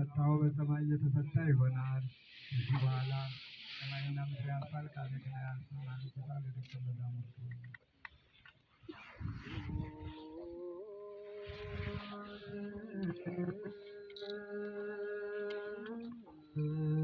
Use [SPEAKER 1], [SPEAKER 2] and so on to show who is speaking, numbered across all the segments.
[SPEAKER 1] सत्ताओं में समाइए तो सत्ता ही होणार शिवाला समाई नाम से आसपास का देखना है आसमान के साथ देखते हैं मजा मुझको Thank you.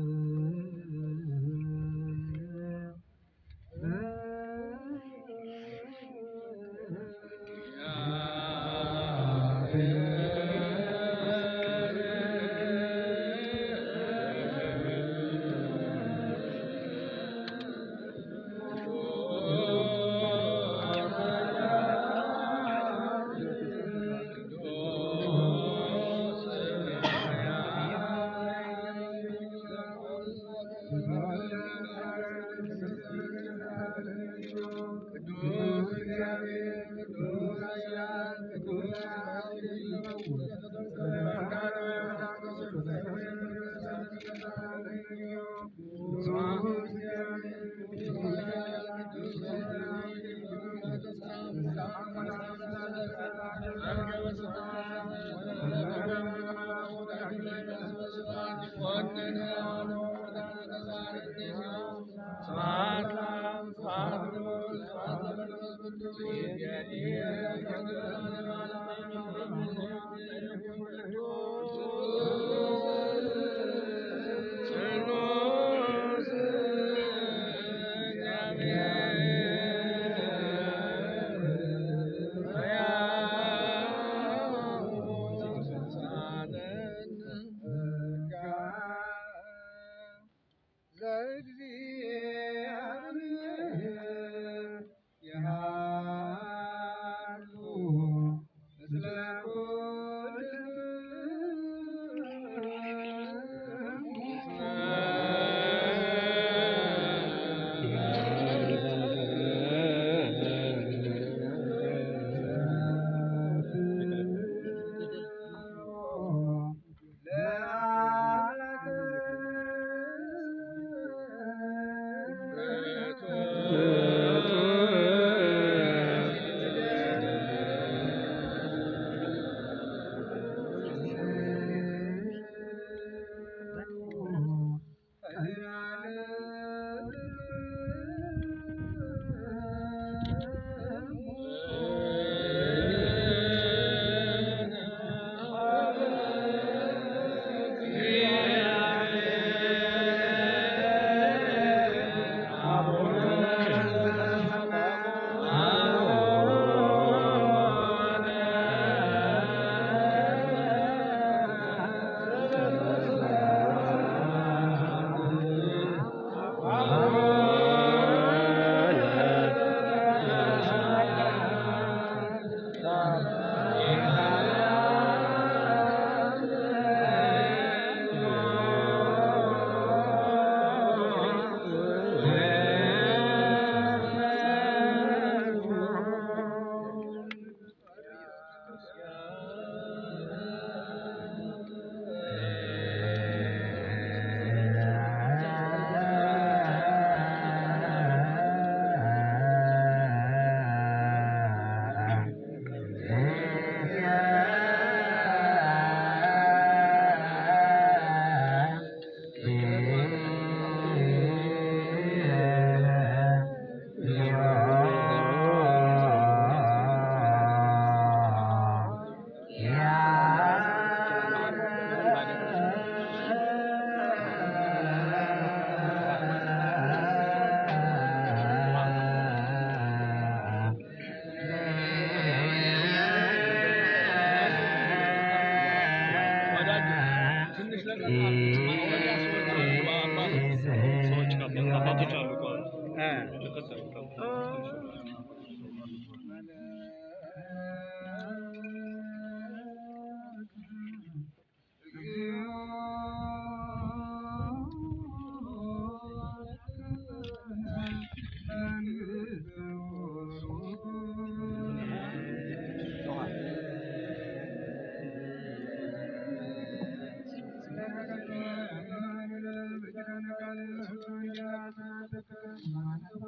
[SPEAKER 1] gardi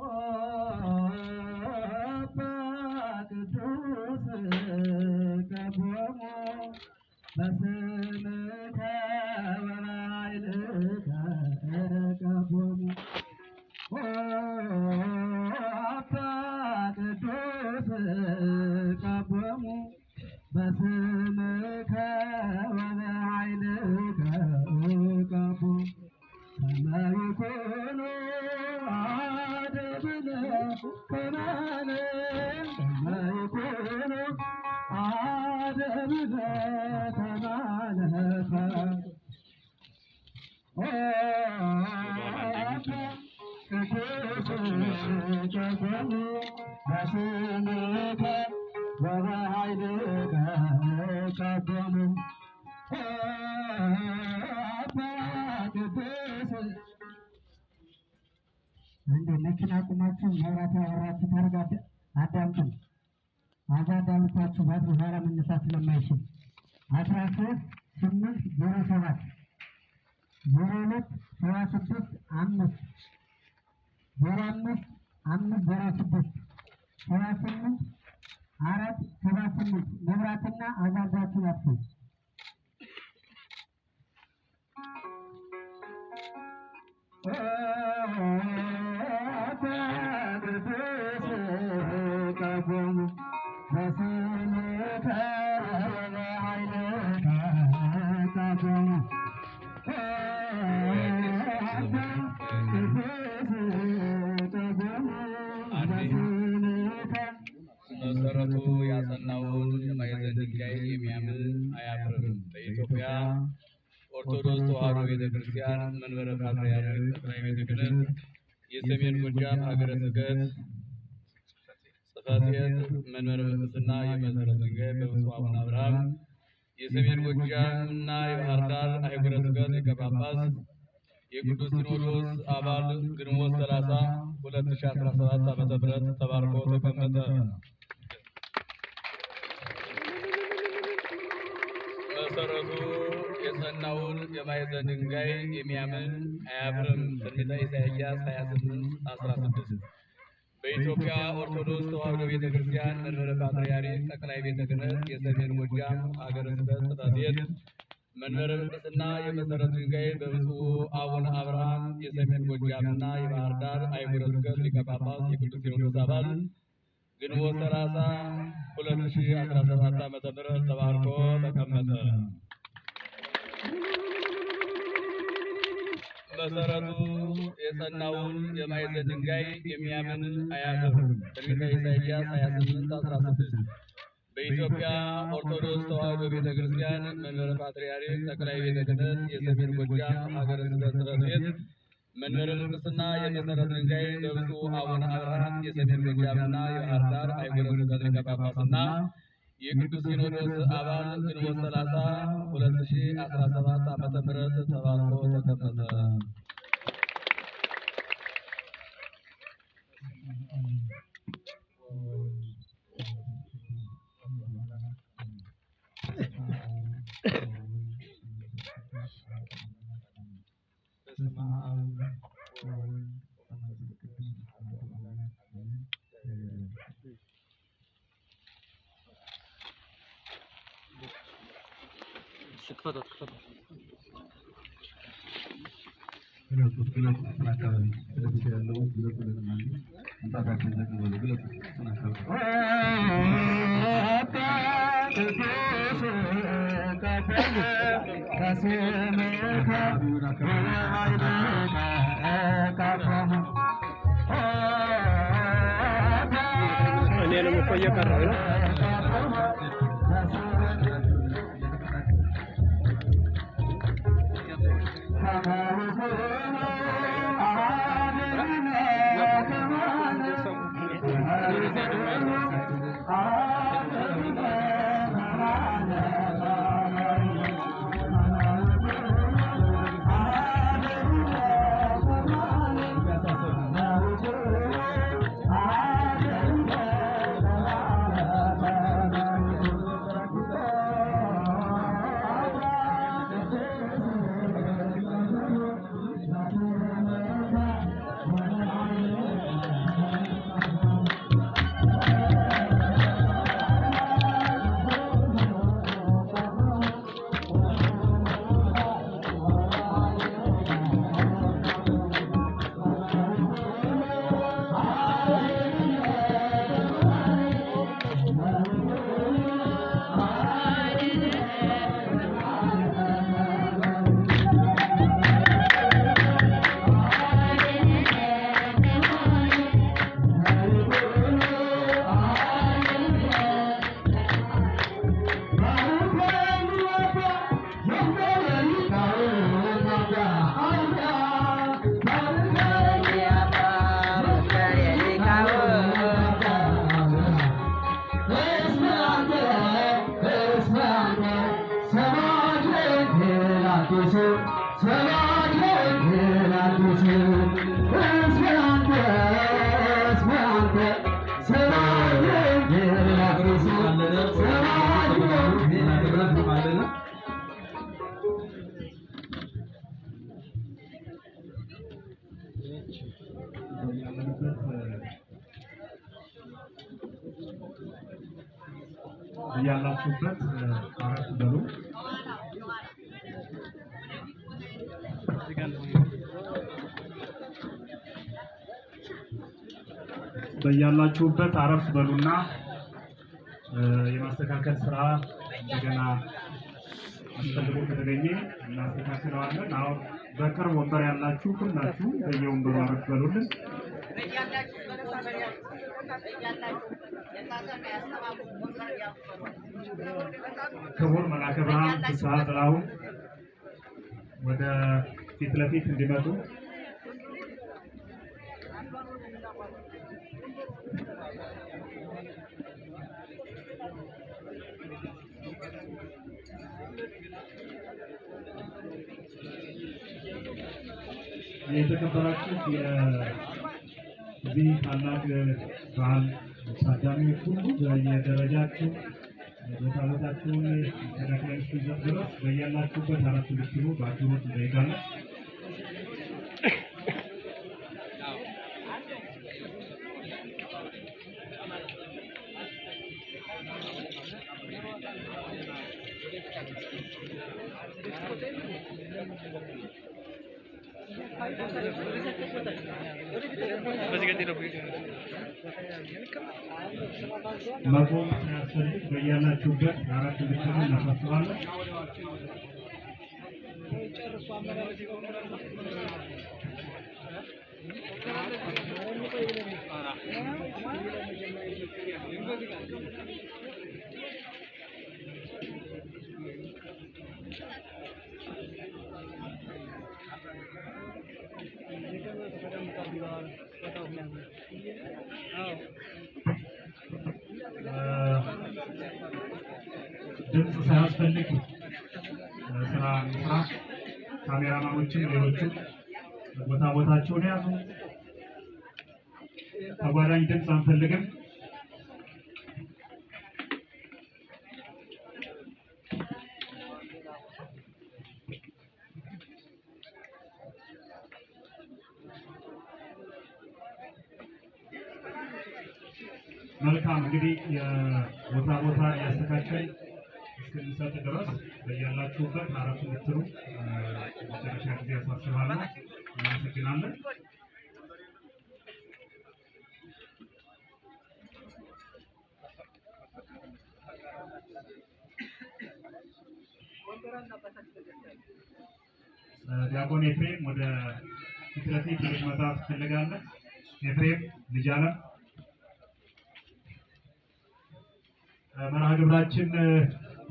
[SPEAKER 1] Oh. በእምነት ማለፈ ቅዱስ ቄስም በስምከ በበኃይልከ ቀደም እንደ መኪና ቁማችሁ መብራት ያወራችሁ ታርጋ አዳምጡን። አዳዳምታችኋት በኋላ መነሳት ስለማይችል አስራ ሶስት ስምንት ዜሮ ሰባት ዜሮ ሁለት ሰባ ስድስት አምስት ዜሮ አምስት አምስት ዜሮ ስድስት ሰባ ስምንት አራት ሰባ ስምንት መብራትና አዛዛችሁ ናቸው።
[SPEAKER 2] መሰረቱ ያጸናውን የማዕዘን ድንጋይ የሚያምን አያፍርም። በኢትዮጵያ ኦርቶዶክስ ተዋሕዶ ቤተክርስቲያን መንበረ ፓትርያርክ ጠቅላይ ቤተ ክህነት የሰሜን ጎጃም ሀገረ ስብከት ጽሕፈት ቤት መንበረ ጵጵስና የመሰረተ ድንጋይ በብፁዕ አቡነ አብርሃም የሰሜን ጎጃምና የባህር ዳር አህጉረ ስብከት ሊቀ ጳጳስ የቅዱስ ሲኖዶስ አባል ግንቦት 30 2017 ዓመተ ምህረት ተባርኮ ተቀመጠ። መሰረቱ የሰናውን የማዕዘን ድንጋይ የሚያምን አያፍርም። ትንቢተ ኢሳይያስ 28 16 በኢትዮጵያ ኦርቶዶክስ ተዋሕዶ ቤተ ክርስቲያን መንበረ ፓትርያርክ ጠቅላይ ቤተ ክህነት የሰሜን ጎጃም ሀገረ ስብከት ጽሕፈት ቤት መንበረ ምንኩስና የመሰረቱ ድንጋይ በብፁዕ አቡነ አብርሃም የሰሜን ጎጃምና የባህር ዳር አህጉረ ስብከት ሊቀ ጳጳስ የቅዱስ ሲኖዶስ አባል ግንቦት ሰላሳ ሁለት ዓ ም ተባርኮ ተቀመጠ። መሰረቱ የጸናውን የማዕዘን ድንጋይ የሚያምን አያፍርም። ትንቢተ ኢሳይያስ 28 16 በኢትዮጵያ ኦርቶዶክስ ተዋሕዶ ቤተ ክርስቲያን መንበረ ፓትርያርክ ጠቅላይ ቤተ ክህነት የሰሜን ጎጃም ሀገረ ስብከት ጽሕፈት ቤት መንበረ ቅስና የመሰረት ድንጋይ በብፁዕ አቡነ አብርሃም የሰሜን ጎጃምና የባህር ዳር ሀገረ ስብከት ሊቀ ጳጳስና የቅዱስ ሲኖዶስ አባል ግንቦት 30 2017 ዓ.ም ተባርኮ ተቀመጠ።
[SPEAKER 3] Thank 不要看了。
[SPEAKER 4] በያላችሁበት አረፍ በሉና የማስተካከል ስራ እንደገና አስፈልጎ ከተገኘ እናስተካክለዋለን። አሁን በቅርብ ወንበር ያላችሁ ሁላችሁ በየወንበሩ አረፍ በሉልን። ክቡር መልአከ ብርሃን ፍስሐ ጥላሁን ወደ ፊት ለፊት እንዲመጡ የተከበራችሁ የዚህ ታላቅ በዓል ታዳሚዎች ሁሉ በየደረጃችሁ ቦታቦታችሁን ተዳክላችሁ ድረስ በያላችሁበት አራት ልትሉ በአክብሮት እንጠይቃለን። ሳያስፈልግ በያላችሁበት አራት ብቻ እናሳስባለን። ድምፅ ሳያስፈልግ ስራ ስራ ካሜራማኖችን፣ ሌሎችም ቦታ ቦታቸውን ያዙ። ተጓዳኝ ድምፅ አንፈልግም። መልካም እንግዲህ የቦታ ቦታ ያስተካከል እስከሚሰጥ ድረስ በያላችሁበት አረፍ እንድትሉ መጨረሻ ጊዜ ያሳስባለሁ። እናመሰግናለን። ዲያቆን ኤፍሬም ወደ ፊት ለፊት መጣ ትፈልጋለህ? ኤፍሬም ልጅ አለም መርሃ ግብራችን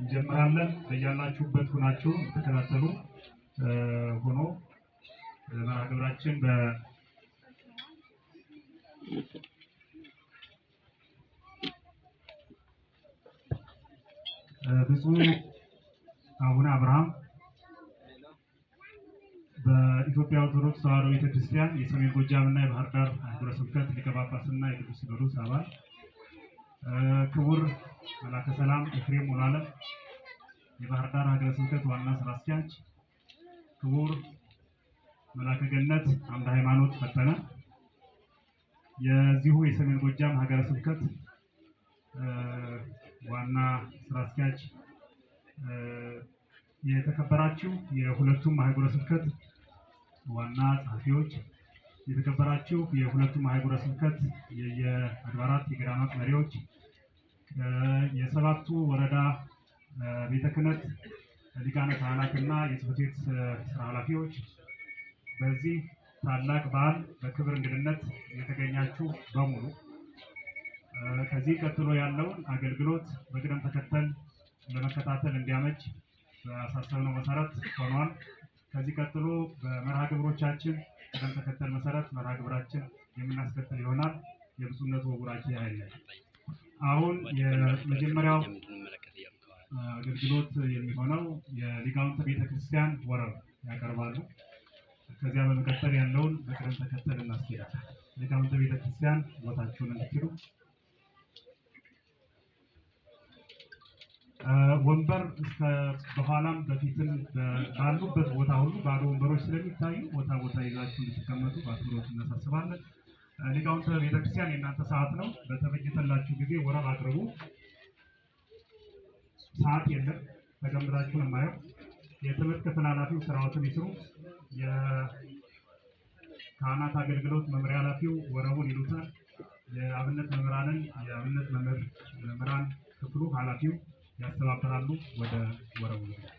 [SPEAKER 4] እንጀምራለን። በያላችሁበት ሆናችሁ ተከታተሉ። ሆኖ መርሃ ግብራችን በ ብፁዕ አቡነ አብርሃም በኢትዮጵያ ኦርቶዶክስ ተዋሕዶ ቤተክርስቲያን የሰሜን ና የባህር ዳር ሀገረ ስብከት ሊቀ ጳጳስና የቅዱስ ሲኖዶስ አባል ክቡር መላከ ሰላም ኤፍሬም ሙሉዓለም የባህር ዳር ሀገረ ስብከት ዋና ስራ አስኪያጅ፣ ክቡር መላከ ገነት አምደ ሃይማኖት ፈጠነ የዚሁ የሰሜን ጎጃም ሀገረ ስብከት ዋና ስራ አስኪያጅ፣ የተከበራችሁ የሁለቱም ሀገረ ስብከት ዋና ጸሐፊዎች የተከበራችሁ የሁለቱም አህጉረ ስብከት የየአድባራት የገዳማት መሪዎች፣ የሰባቱ ወረዳ ቤተ ክህነት ሊቃነ ካህናትና የጽሕፈት ቤት ስራ ኃላፊዎች፣ በዚህ ታላቅ በዓል በክብር እንግድነት የተገኛችሁ በሙሉ ከዚህ ቀጥሎ ያለውን አገልግሎት በቅደም ተከተል ለመከታተል እንዲያመች በአሳሰብነው መሰረት ሆኗል። ከዚህ ቀጥሎ በመርሃ ግብሮቻችን ቅደም ተከተል መሰረት መርሃ ግብራችን የምናስከተል ይሆናል። የብፁዕነቱ ቡራኬ ኃይለ አሁን የመጀመሪያው አገልግሎት የሚሆነው የሊቃውንተ ቤተክርስቲያን ወረብ ያቀርባሉ። ከዚያ በመቀጠል ያለውን በቅደም ተከተል እናስኬዳለን። ሊቃውንተ ቤተክርስቲያን ቦታችሁን እንድትሉ ወንበር በኋላም በፊትም ባሉበት ቦታ ሁሉ ባዶ ወንበሮች ስለሚታዩ ቦታ ቦታ ይዛችሁ እንድትቀመጡ በአክብሮት እናሳስባለን። ሊቃውንተ ቤተክርስቲያን የእናንተ ሰዓት ነው። በተበጀተላችሁ ጊዜ ወረብ አቅርቡ። ሰዓት የለም፣ ተገምታችሁ ነው የማየው። የትምህርት ክፍል ኃላፊው ስራዎትን ይስሩ። የካህናት አገልግሎት መምሪያ ኃላፊው ወረቡን ይሉታል። የአብነት መምህራንን የአብነት መምህራን ክፍሉ ኃላፊው na assalamu alaikum ada da warahmatullahi